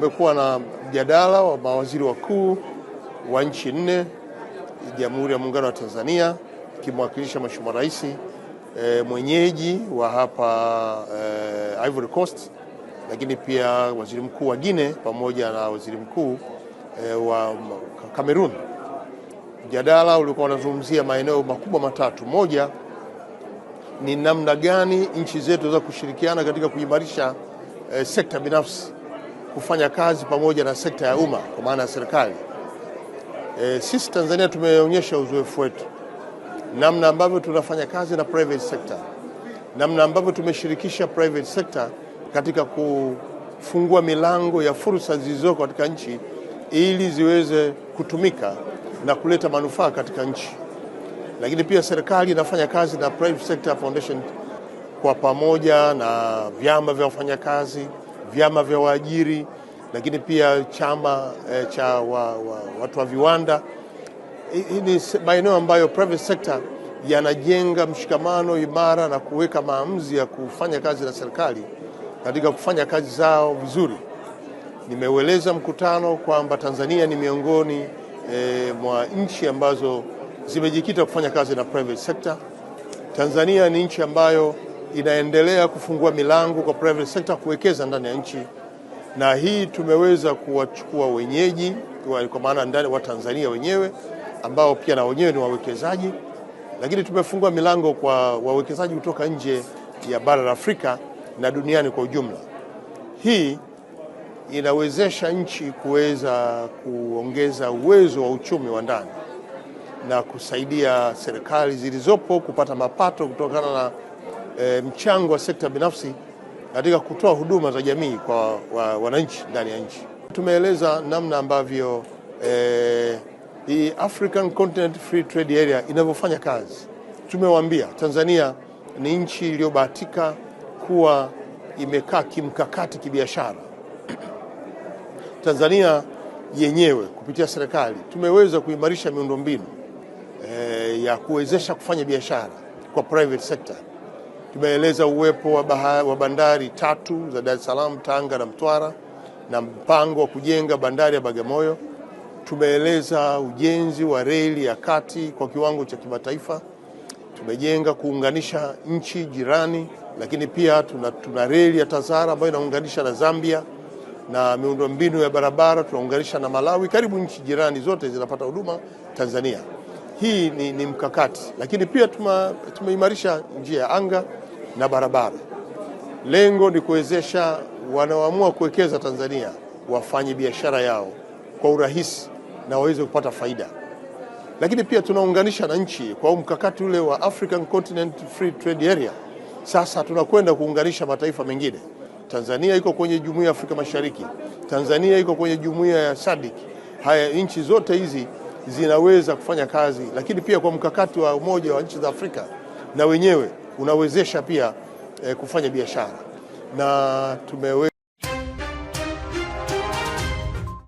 Kumekuwa na mjadala wa mawaziri wakuu wa nchi nne Jamhuri ya Muungano wa Tanzania, ikimwakilisha Mheshimiwa Rais e, mwenyeji wa hapa e, Ivory Coast, lakini pia waziri mkuu wa Guinea pamoja na waziri mkuu e, wa Cameroon. Mjadala ulikuwa unazungumzia maeneo makubwa matatu. Moja ni namna gani nchi zetu za kushirikiana katika kuimarisha e, sekta binafsi kufanya kazi pamoja na sekta ya umma kwa maana ya serikali. E, sisi Tanzania tumeonyesha uzoefu wetu namna ambavyo tunafanya kazi na private sector, namna ambavyo tumeshirikisha private sector katika kufungua milango ya fursa zilizoko katika nchi ili ziweze kutumika na kuleta manufaa katika nchi. Lakini pia serikali inafanya kazi na private sector foundation kwa pamoja na vyama vya wafanyakazi vyama vya waajiri, lakini pia chama e, cha wa, wa, watu wa viwanda. Hii ni maeneo ambayo private sector yanajenga mshikamano imara na kuweka maamuzi ya kufanya kazi na serikali katika kufanya kazi zao vizuri. Nimeueleza mkutano kwamba Tanzania ni miongoni e, mwa nchi ambazo zimejikita kufanya kazi na private sector. Tanzania ni nchi ambayo inaendelea kufungua milango kwa private sector kuwekeza ndani ya nchi, na hii tumeweza kuwachukua wenyeji kwa maana ndani wa Tanzania wenyewe ambao pia na wenyewe ni wawekezaji, lakini tumefungua milango kwa wawekezaji kutoka nje ya bara la Afrika na duniani kwa ujumla. Hii inawezesha nchi kuweza kuongeza uwezo wa uchumi wa ndani na kusaidia serikali zilizopo kupata mapato kutokana na e, mchango wa sekta binafsi katika kutoa huduma za jamii kwa wa, wananchi ndani ya nchi. Tumeeleza namna ambavyo e, the African Continent Free Trade Area inavyofanya kazi. Tumewaambia Tanzania ni nchi iliyobahatika kuwa imekaa kimkakati kibiashara. Tanzania yenyewe kupitia serikali tumeweza kuimarisha miundombinu e, ya kuwezesha kufanya biashara kwa private sector. Tumeeleza uwepo wa, bahari, wa bandari tatu za Dar es Salaam, Tanga na Mtwara na mpango wa kujenga bandari ya Bagamoyo. Tumeeleza ujenzi wa reli ya kati kwa kiwango cha kimataifa. Tumejenga kuunganisha nchi jirani, lakini pia tuna, tuna reli ya Tazara ambayo inaunganisha na Zambia na miundombinu ya barabara tunaunganisha na Malawi. Karibu nchi jirani zote zinapata huduma Tanzania. Hii ni, ni mkakati, lakini pia tumeimarisha njia ya anga na barabara. Lengo ni kuwezesha wanaoamua kuwekeza Tanzania wafanye biashara yao kwa urahisi na waweze kupata faida, lakini pia tunaunganisha na nchi kwa mkakati ule wa African Continent Free Trade Area. Sasa tunakwenda kuunganisha mataifa mengine. Tanzania iko kwenye jumuiya ya Afrika Mashariki, Tanzania iko kwenye jumuiya ya SADC. Haya, nchi zote hizi zinaweza kufanya kazi, lakini pia kwa mkakati wa Umoja wa Nchi za Afrika na wenyewe unawezesha pia eh, kufanya biashara na tumewe